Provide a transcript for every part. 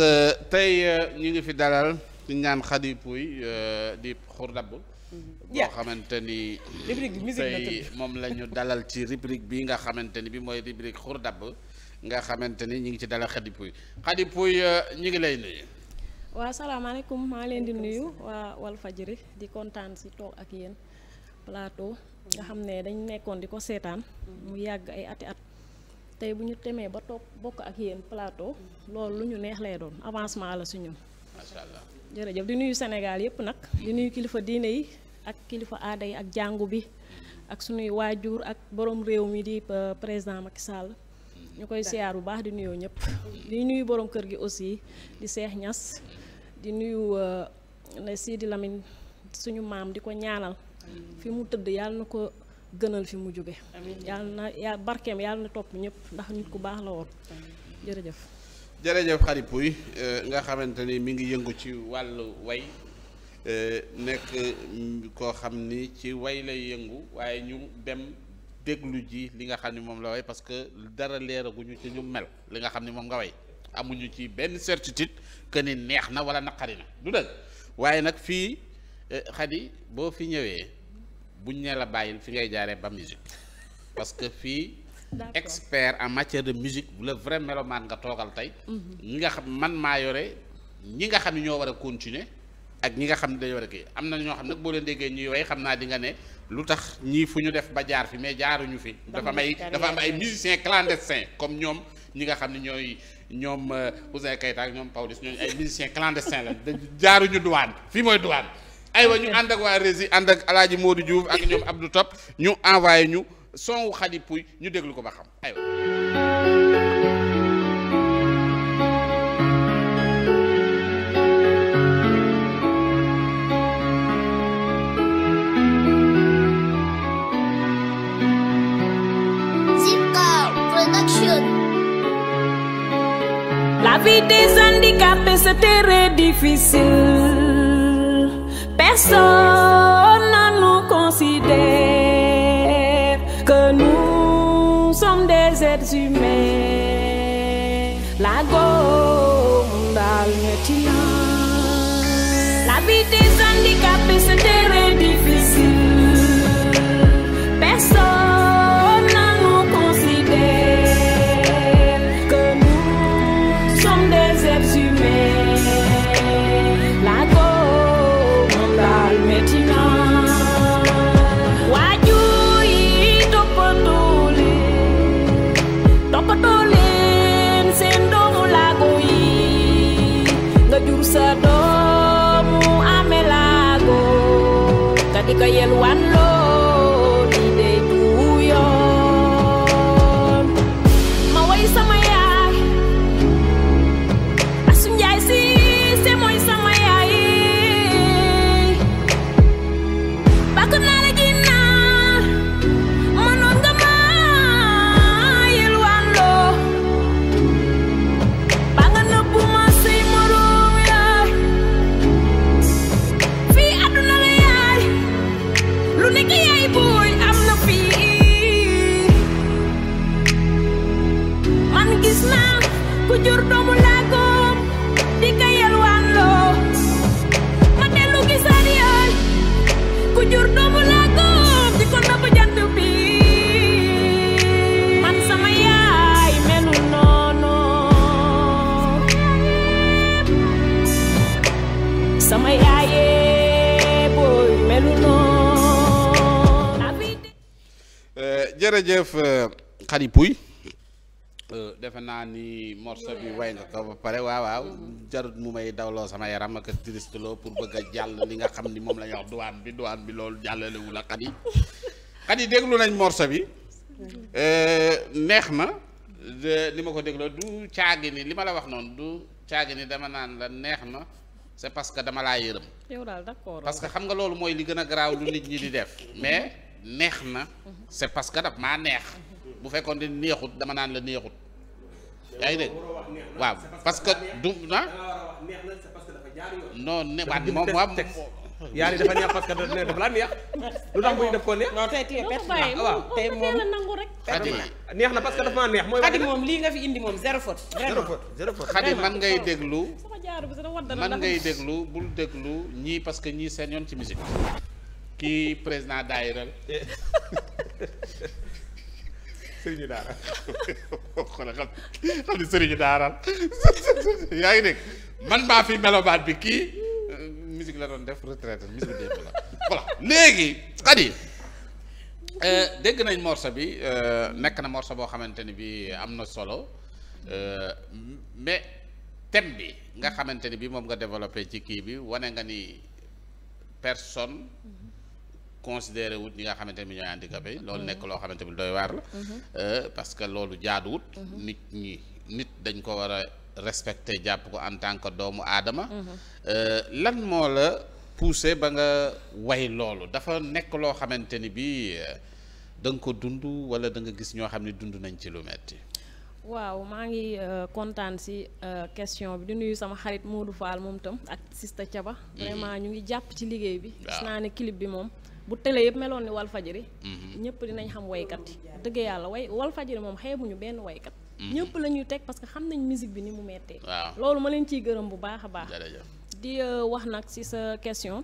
Euh, tey euh, ñu ngi fi dalal ñu ñaan Khady Pouye euh, di xurdab mm-hmm. boo xamante ni tey moom la ñu dalal ci rubrique bi nga xamante ni bi mooy rubrique xurdab nga xamante ni ñu ngi ci dalal Khady Pouye Khady Pouye ñu ngi lay nuyu waaw salaamaaleykum maa leen di nuyu waa Walfadjri di kontaan si toog ak yéen plateau nga xam ne dañ nekkoon di ko seetaan mu yàgg ay ati at tey bu ñu temee ba toog bokk ak yéen plateau loolu lu ñu neex lay doon avancement la su ñun macha jërëjëf di nuyu Sénégal yëpp nag di nuyu kilifa diine yi ak kilifa aada yi ak jàngu bi ak suñuy waajur ak borom réew mi di euh, président Macky Sall ñu koy siyaar bu baax di nuyoo ñëpp di nuyu borom kër gi aussi di Seex Ñas di nuyu euh, ne Sidi Lamine suñu maam di ko ñaanal fi mu tëdd yàlla na ko gënal fi mu jóge yàlla na yàlla barkeem yàlla na topp ñëpp ndax nit ku baax la woon jërëjëf jërëjëf xarit Pouy eh, nga xamante ni mi ngi yëngu ci wàllu way eh, nekk mm, koo xam ni ci way lay yëngu waaye ñu dem déglu ji li nga xam ni moom la way parce que dara leeraguñu ci ñu mel li nga xam ni moom nga way amuñu ci benn certitude que ni neex na wala naqari na du dëgg waaye nag fii xadi eh, boo fi ñëwee buñ ne la bàyyil fi ngay jaaree ba musique parce que fii expert en matière de musique le vrai mélomane nga toogal tey mhm. ñi nga xam man maa yore ñi nga xam ne ñoo war a continuer ak ñi nga xam ne dañoo war a kii am na ñoo xam nag boo leen déggee ñuy way xam naa di nga ne lu tax ñii fu ñu def ba jaar fi mais jaaruñu fi dafa am ay dafa am ay musiciens clandestins comme ñoom ñi nga xam ne ñooy ñoom euh, Ouzin Keita ak ñoom Pawlish ñooñu ay musiciens clandestins la jaaruñu douane fii mooy douane aywa ñu ànd ak waa Rési ànd ak El Hadj Modou Diouf ak ñoom Abdou Top ñu envoyé ñu son wu Xadi Puy ñu déglu ko ba xam aywa. La vie des handicapés, c'était très difficile. personne. boy am na fii man gis naa ku jur doomu laa jërëjëf xari euh, puy euh, defe naa ni morceau bi way nga ko ba pare waaw waaw jarut mu may dawloo sama yaram ak triste loo pour bëgg a jàll li nga xam ni moom la ñu wax douane bi douane bi loolu jàllale wu la xadi xadi déglu nañ morceau bi euh, neex na li ma ko dégloo du caagi ni li ma la wax noonu du caagi ni dama naan la neex na c'est parce que dama laa yërëm. yow daal que xam nga loolu mooy li gën a garaaw lu nit ñi di def mais. neex na c'est parce que daf maa neex bu fekkoon ne neexut dama naan la neexut yaa ngi waaw parce que du na ah? non ne waat moom moom yaa ni dafa neex parce que dafa la neex lu tax bu ñu def ko neex. non tey tey ah, tey moom xadi neex na parce que dafa neex mooy. xadi moom lii nga fi indi moom zéro faute. zéro faute zéro faute xadi man ngay déglu man ngay déglu bul déglu ñii parce que ñii seen yoon ci musique kii président daayira la sëriñu daara xoolal xam xam sëriñu daara yaa ngi dégg man maa fi melobaat bi kii euh, musique la doon def retraite musique démb la voilà léegi xadi euh, dégg nañ morceau bi euh, nekk na morceau boo xamante ni bi am na solo mais thème bi nga xamante ni bi moom nga développé ci kii bi wane nga ni personne considéré wut ñi nga xamante ni ñooy handicapé loolu mm-hmm. nekk loo xamante ni doy waar la mm-hmm. euh, parce que loolu jaaduwut mm-hmm. nit ñi nit dañ ko war a respecté jàpp ko en tant que doomu aadama euh, lan moo la poussé ba nga way loolu dafa nekk loo xamante ni bi euh, da nga ko dund wala danga gis ñoo xam ne dund nañ ci lu metti waaw maa ngi kontaan si question bi di nuyu sama xarit Modou Fall moom tam ak sista Thiaba vraiment ñu ngi jàpp ci liggéey bi gis naa ne clip bi moom bu télé yëpp meloon ni Walfadjri mhm. ñëpp dinañ xam woykat yi dëgg yàlla way Walfadjri moom xeebuñu benn woykat mhm. ñëpp la ñuy teg parce que xam nañ musique bi ni mu mettee loolu ma leen ciy gërëm bu baax a baax di euh, wax nag si sa question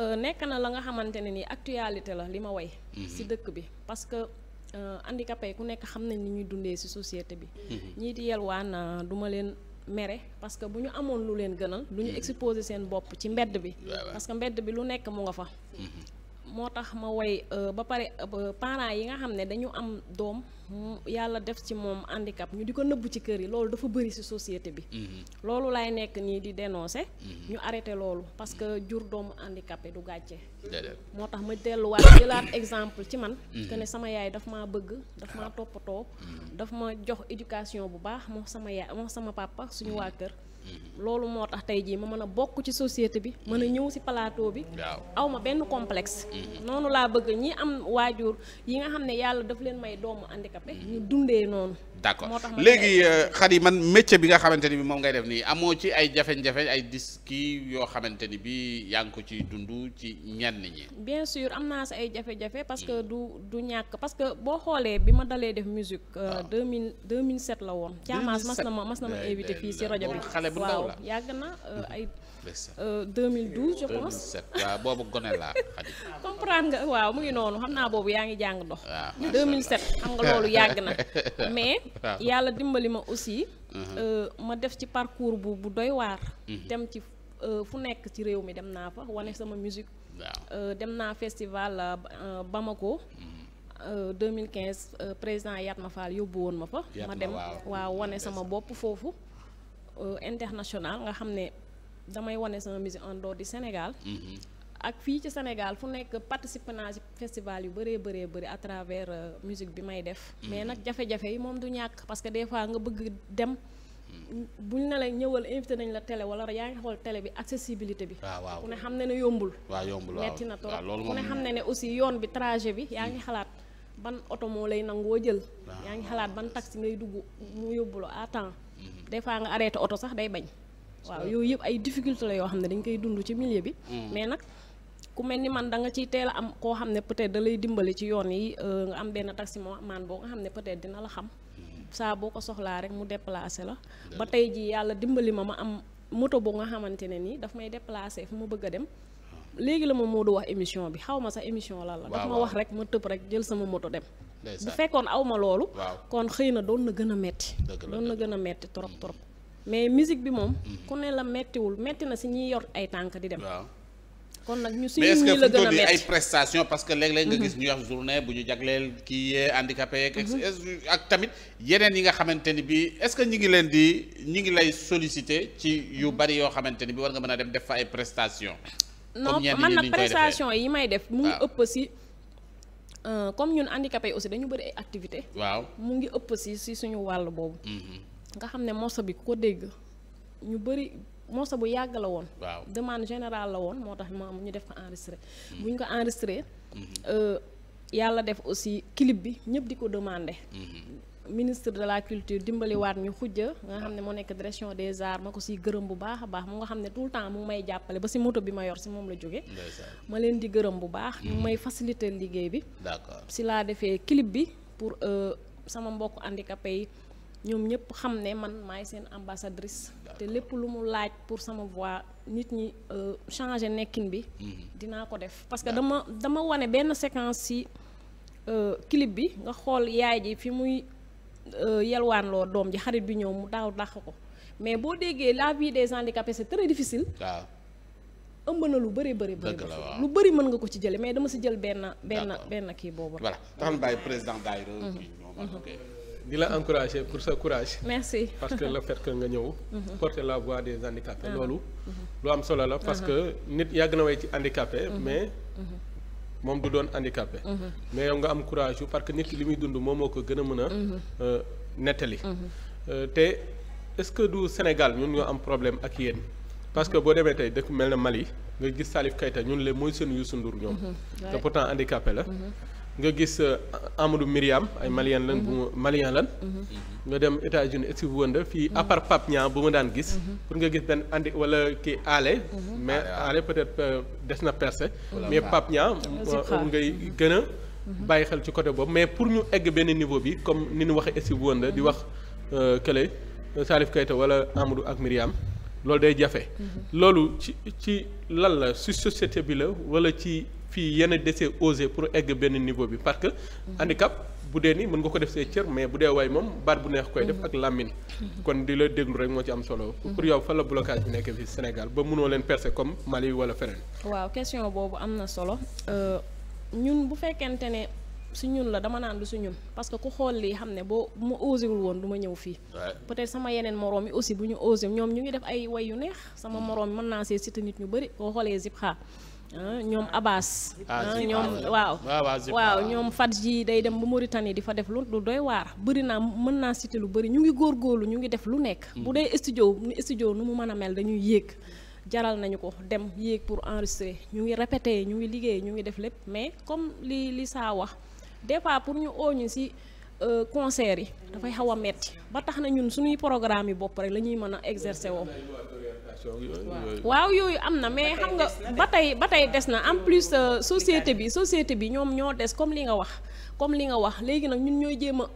euh, nekk na la nga xamante ne nii actualité la li ma way si mhm. dëkk bi parce que euh, handicapé yi ku nekk xam nañ ni ñuy dundee si société bi ñii di yelwaan du ma leen mere parce que bu ñu amoon lu leen gënal du ñu exposé seen bopp ci mbedd bi parce que mbedd bi lu nekk mu nga fa moo tax ma woy euh, ba pare euh, parents yi nga xam ne dañu am doom yàlla def ci moom handicap ñu di ko nëbb ci kër yi loolu dafa bëri ci société bi mhm. loolu laay nekk nii di dénoncer mhm. ñu arrêté loolu parce que jur doomu handicapé du gàcce moo tax ma delluwaat jëlaat exemple ci man mhm. que ne sama yaay dafa maa bëgg daf maa ah. toppatoo dafa ma jox éducation bu baax moo sama yaay moom sama papa suñu waa kër loolu moo tax tey jii ma mën a bokk ci société bi mën a ñëw si palaatoo bi aw ma benn complexe mm-hmm. noonu laa bëgg ñi am waajur yi nga xam ne yàlla daf leen may doomu handicapé mm-hmm. ñu dunde noonu d' accord léegi euh, Khady man métier bi nga xamante ni bi moom ngay def nii amoo ci ay jafe-jafe ay dis kii yoo xamante ni bi yaa ngi ko ci dund ci ñenn ñi. bien sûr am naa si ay jafe-jafe parce que hmm. du du ñàkk parce que boo xoolee bi ma dalee def musique. waaw 2000 2007 la woon. 2007 caamaas mas na ma mas na ma invité fii si rajo bi. waaw yàgg na euh, hmm. ay. euh, 2012 je pense 2007 waaw boobu gone laa xadi nga waaw mu ngi noonu xam naa boobu yaa ngi jàng dox 2007 ah, xam nga loolu yàgg na mais yàlla dimbali ma aussi mhm. euh, ma def ci parcours bu bu doy waar mhm. dem ci euh, fu nekk ci réew mi dem naa fa wane sama musique euh, dem naa festival Bamako 2015 mhm. euh, président Yatma Fall yóbbu woon ma fa ma dem waaw wane sama bopp foofu international nga xam ne damay wane sama musique en dehors di Sénégal. Mhm. ak fii ci Sénégal fu nekk participe naa ci festival yu bëree bëree bëri à travers euh, musique bi may def. Mhm. mais nag jafe-jafe yi moom du ñàkk parce que des fois nga bëgg dem. Mhm. buñ ne la ñëwal invité nañ la télé wala yaa ngi xool télé bi accessibilité bi. Ah, waaw ku ne xam ne ne yombul. waaw yombul waaw metti na trop ah, ku ne xam ne ne aussi yoon bi trajet bi yaa ngi xalaat ban oto moo lay nangoo jël. Ah, yaa ngi xalaat ban taxi ngay dugg mu yóbbuloo à temps. des fois nga arrêté oto sax day bañ. waaw yooyu yëpp ay difficulté la yoo xam ne dañ koy dund ci milieu bi mm. mais nag ku mel ni man da nga ciy teel a am koo xam ne peut-être da lay dimbali ci yoon yi euh, nga am benn taxi man boo nga peut-être dina la xam mm. saa boo ko soxlaa rek mu déplacé la ba tey ji yàlla dimbali ma ma am moto boo nga xamante ne nii daf may déplacé fu ma bëgg a dem ah. léegi la ma Modou wax émission bi xaw ma sa émission lan la daf ma wax rek ma tëb rek jël sama moto dem bu fekkoon aw ma loolu kon xëy na doon na gën a metti doon na gën a metti trop mm. trop mais musique bi moom. Mhm. ku ne la méttiwul métti na si ñiy yor ay tànk di dem. kon nag ñu suñu ñi la gën a ay prestation parce que léeg-léeg nga mhm. gis ñu wax journée bu ñu jagleel kii yee handicapé yeeg mhm. ak tamit yeneen yi nga xamante ni bi est-ce que ñi ngi leen di ñi ngi lay solicité ci yu bari yoo xamante ni bi war nga mën a dem def fa ay prestation non man nag prestation yi may def mu ngi ëpp si euh, comme ñun handicapé yi aussi dañu bëri ay activité waaw mu ngi ëpp si si suñu wàll boobu nga xam ne morceau bi ko dégg ñu bëri morceau bu yàgg la woon. waaw demande générale la woon moo tax mu ñu def ko enregistré. Mm-hmm. bu ñu ko enregistré. Mm-hmm. Euh, yàlla def aussi clip bi ñëpp di ko demandé. Mm-hmm. ministre de la culture dimbaliwaat ñu xujja nga xam ne moo nekk direction des arts ma ko si gërëm bu baax a baax mu nga xam ne tout le temps mu may jàppale ba si moto bi ma yor si moom la jóge ma leen di gërëm bu baax ñu may faciliter liggéey bi d'accord si laa defee clip bi pour euh, sama mbokk handicapé yi ñoom ñëpp xam ne man maay seen ambassadrice te lépp lu mu laaj pour sama voix nit ñi euh, changer nekkin bi mhm. dinaa ko def parce que dama dama wane benn séquence ci euh, clip bi nga xool yaay ji fi muy euh, yelwaan loo doom ji xarit bi ñëw mu daaw dàq ko mais boo déggee la vie des handicapés c'est très difficile ëmb na lu bëri bëri bëri lu bëri mën nga ko ci jële mais dama si jël benn benn benn kii boobu voilà di la encourager pour sa courage. parce que le fait nga ñëw. Mhm. porter la voix des handicapés. Ah. loolu mhm. lu am solo la parce mhm. que nit yàgg na way ci handicapé mais. moom du doon handicapé. mais yow nga am courage yu parce que nit ki li muy dund moom moo ko gën a mën a. Euh, nettali. Euh, te est-ce que du Sénégal ñun ñoo am problème ak yéen parce que boo demee tey dëkk mel na Mali nga gis Salif Keita ñun le mooy seen Youssou Ndour ñoom. te pourtant handicapé la. nga gis euh, Amadou Myriam ay malien lan bu mhm. malien lan mhm. nga dem États-Unis et fii à mhm. part Pape Niang bu ma daan gis pour nga gis benn andi walla kii aale mais aale peut-être euh, des na percé mais Pape xam euh, ngay gën a bàyyi xel ci côté boobu mais pour ñu egg benn niveau bi comme ni ñu waxee et si di wax kële Salif Keita wala Amadou ak Myriam loolu day jafe loolu ci ci lan la ci société bi la wala ci fii yenn décès osé pour egg benn niveau bi parce que handicap bu dee ni mën nga ko def see cër mais bu dee waay moom baat bu neex koy def ak làmmiñ kon di la déglu rek moo ci am solo pour yow fan la blocage bi nekk fi Sénégal ba munoo leen percer comme Mali wala feneen waaw question boobu am na solo euh, ñun bu fekkente ne su ñun la dama naan lu si ñun parce que ku xool lii xam ne boo ma osewul woon duma ñëw fii peut-être sama yeneen moroom yi aussi bu ñu osé ñoom ñu ngi def ay way yu neex sama mm. moroom mën naa see cité nit ñu bëri boo xoolee Zipxa Ah, ñoom Abbas. Ah, ah, ñoom waaw. waaw ñoom Fadji day dem ba Mauritanie di fa def lu lu doy waar. bëri naa mën naa cité lu bëri ñu ngi góor góorlu ñu ngi def lu nekk. Mm. bu dee studio studio nu mu mën a mel dañuy yéeg. jaral nañu ko dem yéeg pour enregistrer ñu ngi répété ñu ngi liggéeye ñu ngi def lépp mais comme li li saa wax pour ñu oo ñu si. Euh, concert yi dafay xaw a metti ba tax na ñun suñuy programme yi bopp rek la ñuy mën a exercer woo waaw yooyu am na mais xam nga ba tey ba tey des na en plus euh, société bi société bi ñoom ñoo des comme li nga wax comme li nga wax léegi nag ñun ñooy jéem a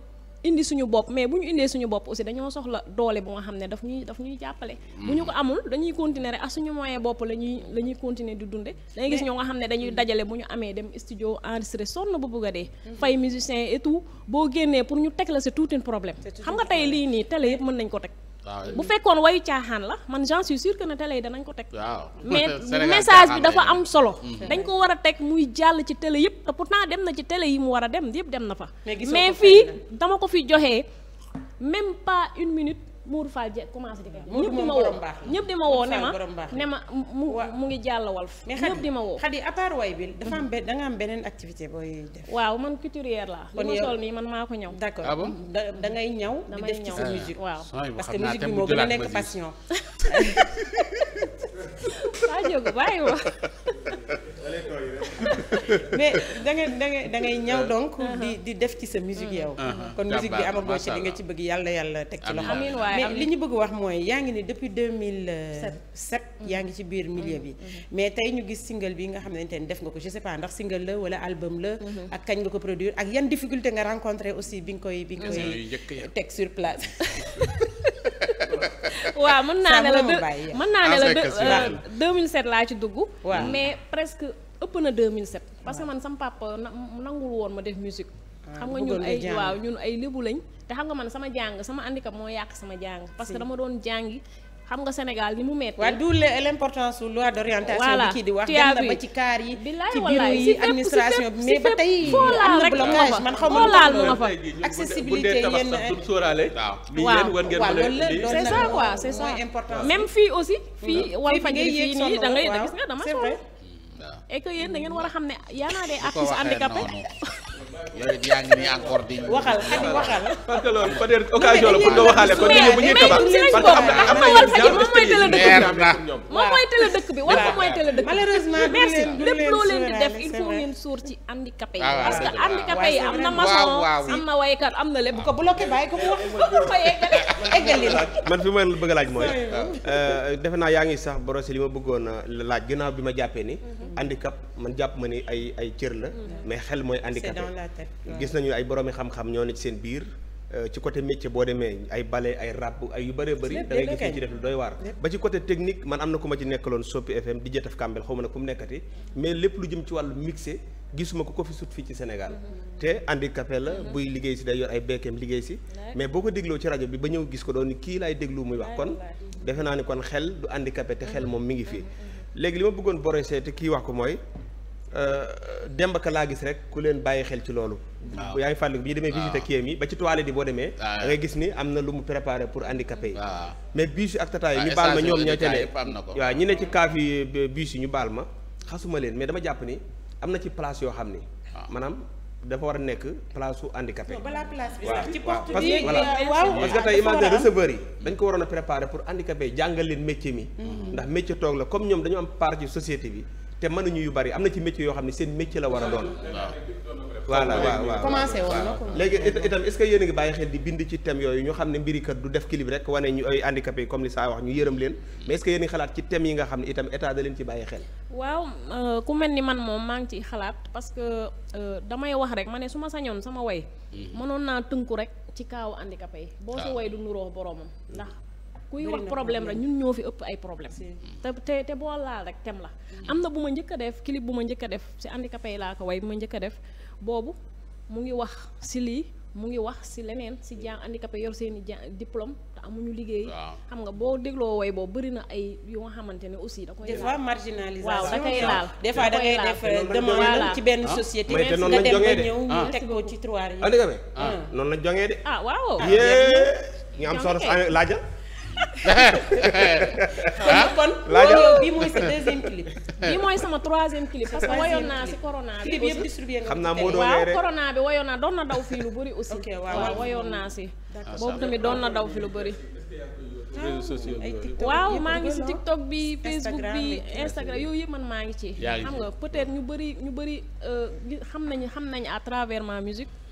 indi suñu bopp mais bu ñu indee suñu bopp aussi dañoo soxla doole bu nga xam ne daf ñuy daf ñuy jàppale mm. bu ñu ko amul dañuy continuer rek ak suñu moyen bopp la ñuy la ñuy continuer di dundee da gis ñoo nga xam ne dañuy mm. dajale bu ñu amee dem studio enregistré sonn bu bugg dee mm-hmm. fay musicien et tout boo génnee pour ñu teg la c'est tout un problème xam nga tey lii nii tele yëpp mën nañ ko teg bu fekkoon wayu caaxaan la man j'en suis sûr que ne télé yi danañ ko teg mais message bi dafa am solo mhm. dañ ko war a teg muy jàll ci télé yëpp pour pourtant dem na ci télé yi mu war a dem yépp dem na fa mais fii dama ko fi joxee même pas une minute Mourou Fall je commencé di ko ñëpp di ma woo ñëpp di ma woo ne ma ne ma mu mu ngi jàll Walf ñëpp di ma woo xadi à part way bi dafa am mm-hmm. benn am beneen activité booy def waaw man couturière la li ma sol nii man maa ko ñaw d'accord ah da ngay ñaw di def ci sa musique bi moo gën a nekk passion waa jóg bàyyi ma mais da nga da nga da ngay ñaw donc. Uh-huh. di di def ci sa musique uh-huh. yow. Uh-huh. kon musique bi amagoo ci li nga ci bëgg yàlla yàlla teg ci loxo. mais li ñu bëgg wax mooy yaa ngi ni depuis 2007. Mm-hmm. yaa ngi ci biir milieu bi. Mm-hmm. Mm-hmm. mais tey ñu gis single bi nga xamante ne def nga ko je sais pas ndax single la wala album la. ak kañ nga ko produire ak yan difficulté nga rencontré aussi bi nga koy bi nga koy teg sur place. waaw mën naa ne la mën naa ne la 2007 laa ci dugg. mais ëpp na 2007. parce que man sama papa nangul woon ma def musique. Ah, xam nga ñun ay waaw ñun ay lébu lañ. te xam nga man sama jàng sama handicap moo yàq sama jàng. parce que dama doon jàngi. xam nga Sénégal ni mu métti. waaw d'où l'importance loi d'orientation bi kii di wax dem na ba ci kaar yi. ci bureau yi administration bi mais ba tey. am na blocage man xaw ma laal mu nga fa. accessibilité yenn waaw waaw waaw c'est ça quoi c'est ça. même fii aussi. fii wal fajri fii nii et que yéen da ngeen war a xam ne y en a des yooyu yaa ngi waxal xati waxal. parce que am na bi moom mooy tële dëkk bi war ko mooy tële dëkk bi. malheureusement merci lépp loo leen def il faut ngeen suur ci handicapé yi. Ah parce que handicapé yi am na maçon am na waykat am na lépp. Ah. ko bloqué bàyyi ko mu wax bu ko yeggale eggali la. man fi ma bëgg laaj mooy. Ah. Euh, defe naa yaa ngi sax brosé li ma bëggoon laaj ginnaaw bi ma jàppee ni mhm. handicap man jàpp ma ni ay ay cër la mhm. mais xel mooy handicapé gis nañu ay boroomi xam-xam ñoo ne ci seen biir euh, ci côté métier boo demee ay bale ay ràbb ay yu bëree bëri da ngay gis ñu ci def lu doy waar ba ci côté technique man am na ku ma ci nekkaloon Sopi FM di jëtaf kàmbel xaw ma ne ku mu nekkati mais lépp lu jëm ci wàllu mixé gisuma ko ko fi sut fii ci Sénégal mm-hmm. te handicapé la mm-hmm. buy liggéey si day yor ay bekkeem liggéey si mais boo ko dégloo ci rajo bi ba ñëw gis ko doon kii laay déglu muy wax kon defe naa ni kon xel du handicapé te xel mm-hmm. moom mi ngi fii léegi li ma bëggoon borosee kii wax ko mooy Euh, demb ka laa gis rek ku leen bàyyi xel ci loolu. yaa ngi fàttaliku bi ñu demee visiter kii yi ba ci toilette yi boo demee. Ah, da ah. gis ni am na lu mu préparé pour handicapé yi. Ah. mais bus yi ak tata yi ñu baal ma ñoom ñoo ca ne waaw ñi ne ci kaaf yi bus yi ñu baal ma xasuma leen mais dama jàpp ni am na ci place yoo xam ni. maanaam dafa war a nekk place su handicapé. balaa place bi sax ci porte bi euh, waaw parce que tey imagine receveur dañ ko waroon a préparé pour handicapé jàngal leen métier mi. Mm-hmm. ndax métier toog la comme ñoom dañu am part ci bi te a ñu yu bari am na ci métier yoo xam ne seen métier la war a doon. voilà waaw waaw commencé woon na ko léegi itam est que yéen ngi bàyyi xel di bind ci thème yooyu ñu xam ne mbiri kat du def clip rek wane ñu ay handicapé comme li saa wax ñu yërëm leen mais est-ce que yéen ngi xalaat ci thème yi nga xam ne itam état da leen ci bàyyi xel waaw euh, ku mel ni man moom maa ngi ciy xalaat parce que euh, damay wax rek ma ne su ma sañoon sama way mhm. mënoon naa tënku rek ci kaaw handicapé yi boo si ah. way du nuroo boroomam ndax kuy wax problème rek ñun ñoo fi ëpp ay problème te te te boo laal rek tem la am na bu ma njëkka def clip bu ma njëkk a def si handicapé yi laa ko ma njëkk def boobu mu ngi wax si lii mu ngi wax si leneen si jaan handicapé yor seen i jaan diplôme te amuñu liggéey xam nga boo dégloo woy boobu bëri na ay yu nga xamante ne aussi da koy laal des fois marginalisation waaw da koy laal des fois euh, ci benn ah. société nga dem nga ñëw ah. ñu teg ko ci tiroir yi handicapé ah. noonu lañ jongee de ah waaw yée ñu am soxla laajal ah kon yow bii mooy sa deuxième clip. bii mooy sama troisième clip. parce que wayoon naa si corona bi. clip xam naa moo doon waaw corona bi wayoon naa doon na daw fii lu bëri aussi. waaw wayoon naa si. boobu tamit doon na daw fii lu bëri. Ah, réseaux sociaux waaw maa ngi si TikTok bi Facebook bi Instagram yooyu yëpp man maa ngi ci. xam nga peut-être ñu bëri ñu bëri euh, xam nañu xam nañu à travers ma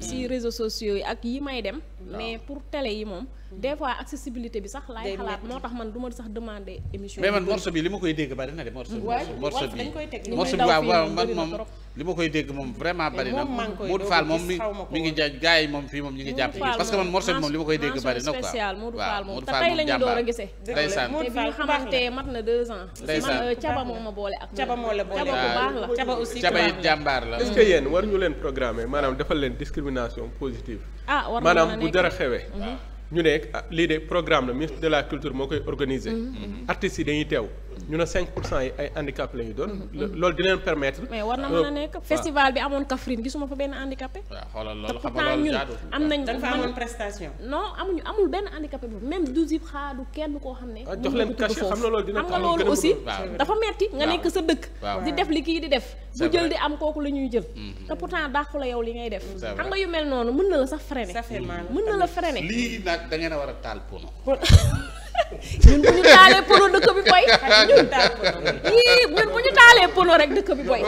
si réseaux sociaux yi ak yi may dem. mais pour télé yi moom. des fois accessibilité bi sax laay xalaat moo tax man du sax demander émission mais man morceau bi li ma koy dégg bari na de morceau bi moom li ma koy dégg moom vraiment bari na Modou Fall moom mi mi ngi jaaj gars yi moom fii moom ñi ngi jàpp parce que man morceau moom li ma koy dégg bari na moom te tey lañu door a gisee ndeysaan te bi xamante mat na caba euh, moo ma boole ak caba la boole caba bu la caba discrimination positive. ah war maanaam bu dara xewee. Mhm. ñu ne ah, lii de programme la ministre de la culture moo koy organiser. Mhm. Mhm. artistes yi dañuy teew. ñu ne 5 pour cent ay handicap la doon. Mhm. loolu dina leen permettre. mais war na euh, mën a nekk festival bi amoon Kaffrine gisuma fa benn handicapé. waaw xoolal loolu xam nga loolu jaadu am nañ dañ fa amoon prestation. non amuñu amul benn handicapé bi même du zip xaadu kenn koo xam ne. Ah, jox leen cachet xam nga loolu dina xam nga loolu aussi dafa metti nga nekk sa dëkk. di def li kii di def. bu jël di am kooku la ñuy jël. Mm-hmm. te pourtant dàqu la yow li ngay def. xam nga yu mel noonu mën na la sax freiner. mën na la freiner lii nag a war a taal pono ñun bu ñu taalee pono dëkk bi boy rek dëkk bi boy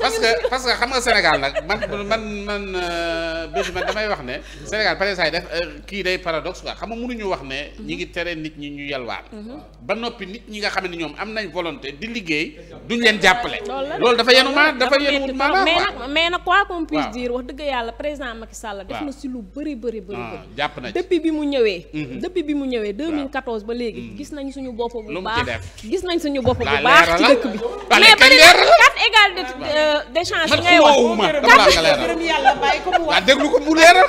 parce que parce que xam nga Sénégal nag man man man euh, bési damay wax ne Sénégal par exemple def euh, kii day paradoxe quoi xam nga ñu wax ne ñi ngi tere nit ñi ñu yalwaan mhm. ba noppi nit ñi nga xam ne ñoom am nañ volonté di liggéey duñ leen jàppale loolu dafa yenu ma dafa yenu ma mais nag mais nag quoi qu'on puisse dire wax dëgg yàlla président Macky Sall def na si lu bëri bëri bëri ah, jàpp na depuis bi mu ñëwee mhm. depuis bi mu ñëwee 2014 ba léegi Mm. gis nañ suñu bopp bu baax gis nañ suñu bopp bu baax ci dëkk bi mais bari na quatre égal de euh, de chance ngay wax waaw ah, déglu ko mu leeral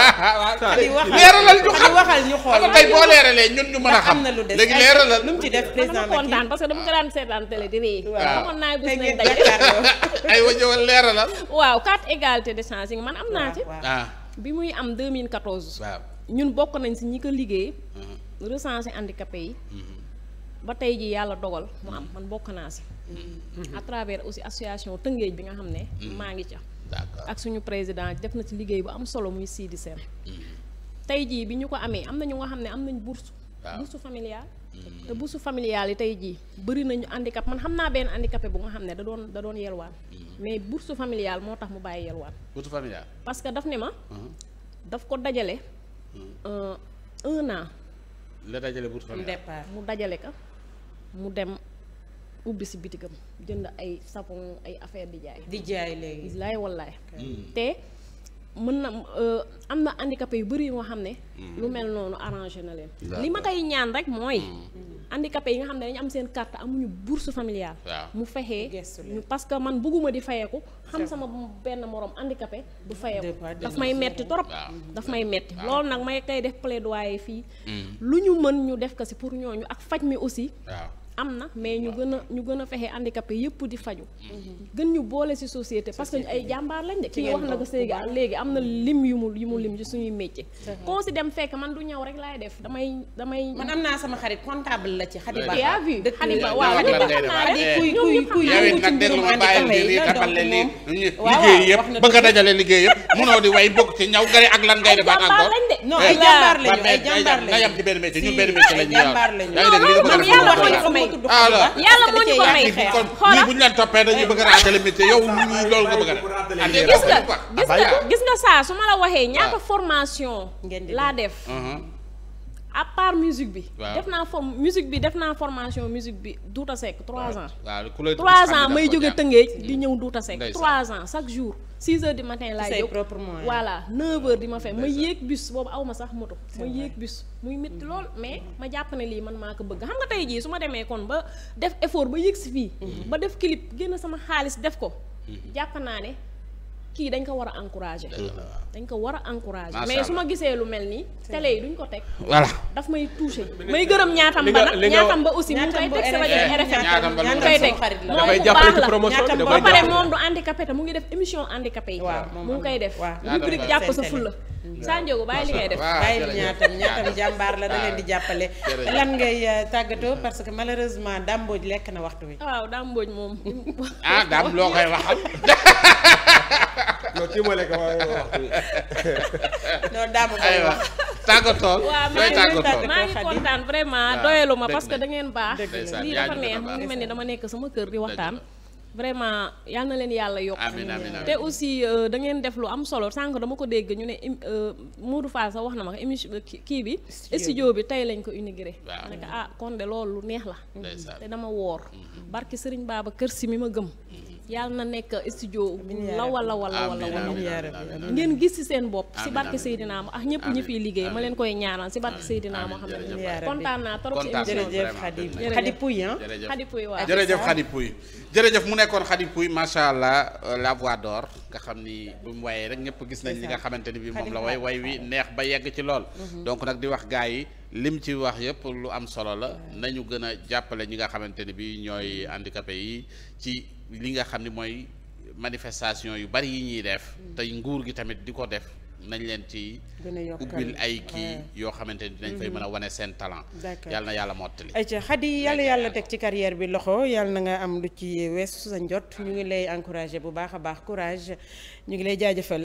leeralal ñu xam waxal ñu xool tey boo leeralee ñun ñu mën a xam léegi leeralal lu ci def président kontaan parce que dama ko daan seetaan télé di rëy naa bis nañ daje ay wajowal waaw quatre égalité de chance yi man am naa ci ah. bi muy am 2014 waaw ñun bokk nañ si ñi ko liggéey recensé handicapé yi. Mm-hmm. ba tey ji yàlla dogal mu am mm-hmm. man bokk naa si. Mm-hmm. à travers aussi association Tëngéej bi nga xam ne. maa ngi ca. ak suñu président def na ci liggéey bu am solo muy Sidi Sène. tey jii bi ñu ko amee am na ñu nga xam ne am nañ bourse. bourse familiale. te bourse familiale yi tey jii bëri nañu handicap man xam naa benn handicapé bu nga xam ne da doon da doon yelwaan. mais bourse familiale moo tax mu bàyyi yelwaan. bourse familiale. parce que daf ne ma. daf ko dajale. Euh, la dajale mu dajale ka mu dem ubbi si bitigam jënd ay savon ay affaire di jaay. di jaay léegi. billaay wallaay. Hmm. te. mën na euh, am na handicapé yu bëri yoo xam ne. Mm. lu mel noonu arrangé na leen. li ma koy ñaan rek mooy. Mm. handicapé yi nga xam ne dañu am seen carte amuñu bourse familiale. mu fexee ñu parce que man bëgguma di fayeeku xam sama benn morom handicapé du fayeeku daf may metti trop. daf may metti loolu nag may kay def plaidoyer fii. Mm. lu ñu mën ñu def ko si pour ñooñu ak faj mi aussi. am na mais ñu gën a ñu gën a fexe handicapé yëpp di faju mm-hmm. gën ñu boole ci société parce que ñu ay jàmbaar lañ de kii wax na ko séegi léegi am na lim yu mu yu mu lim ci mm-hmm. suñuy métier koo ci dem fekk man du ñëw rek laay def damay damay man am naa sama xarit comptable la ci Xadiba yaa fi Xadiba waaw Xadiba xam naa kuy kuy kuy yëngu ci mbirum handicapé yi la donc moom liggéey yëpp ba nga dajale liggéey yëpp munoo di way bokk ci ñaw gari ak lan ngay defaat encore non eh, ay jàmbaar lañu ay jàmbaar lañu nga yam ci benn métier ñun benn métier lañu yaa ngi dégg li nga bëgg a yàlla moo ñu ko may kon ñii bu ñu leen toppee dañuy bëgg a raatale métier yow ñii loolu nga bëgg a gis nga gis nga saa su ma la waxee ñaata ah. formation laa def uh-huh. à part musique bi. def naa form musique bi def naa formation musique bi duuta sekk trois ans. trois ans may jóge tëngéej di mm. ñëw duuta sekk trois ans chaque jour. six heures du matin laay jóg voilà neuf di ma fay ma yéeg bus boobu aw ma sax moto. ma yéeg bus muy métti mm. lool mais ma jàpp ne lii man maa ko bëgg xam nga tey jii su ma demee kon ba def effort ba yéeg si fii. Mm. ba def clip génn sama xaalis def ko. jàpp naa ne. kii dañ ko war a encourager dañ ko war a encourager mais su ma gisee lu mel nii télé yi duñ ko teg voilà daf may touché may gërëm ñaatam ba nag ñaatam ba aussi mu ngi koy teg sama rajo RFM mu ngi koy teg moom bu baax la ba pare moom du handicapé te mu ngi def émission handicapé mu ngi jàpp sa fulla Sa Ndiogou bàyyi li ngay def bàyyi li ñaatam ñaatam jàmbaar la da leen di jàppale lan ngay euh, tàggatoo parce que malheureusement Dame lekk na waxtu wi waaw Dame Mbodj moom ah Dame loo koy waxal non kii moo lekk waaye waxtu bi. non dama koy wax. tàggatool looy tàggatool waaw maa ngi kontaan vraiment doyalu ma parce que da ngeen baax. lii dafa neex mu ngi mel ni dama nekk sama kër di waxtaan. vraiment yal leen yàlla yokk te aussi euh, da ngeen def lu am solo sànq dama ko dégg ñu ne euh, Modou Fall wax na ma ko émission eh, kii bi studio bi tey lañ ko inauguré naka ah kon de loolu lu neex la te dama woor mm, mm. barki Serigne Baaba kër si mi ma gëm mm. yàlla na nekk studio la walla lawa lawa ngeen gis ci seen bopp ci barke Seydina mo ak ñëpp ñi fiy liggéey ma leen koy ñaanal si barke Seydina dinaa xam ne kontaan naa trop ci émission jërëjëf Khady Pouye Khady Pouye waaw jërëjëf Khady Pouye mu nekkoon Khady Pouye macha allah euh, la voix d'or nga xam ni bu mu wayee rek ñëpp gis nañ li nga xamante ni bi moom la way way wi neex ba yegg ci lool mm-hmm. donc nag di wax gaa yi lim ci wax yëpp lu am solo la nañu gën a jàppale ñi nga xamante ni bi ñooy handicapé yi ci li nga xam ne mooy manifestation yu bari yi ñuy def mm. tey nguur gi tamit di ko def nañ leen ci ubbil ay kii yoo xamante ni dinañ fay mën a mm-hmm. wane seen talent yàlla na yàlla mottali ay ca xadi yàlla yàlla teg ci carrière bi loxo yàlla na nga am lu ci weesu sa njot ñu ngi lay encouragé bu baax a baax courage ñu ngi lay jaajëfal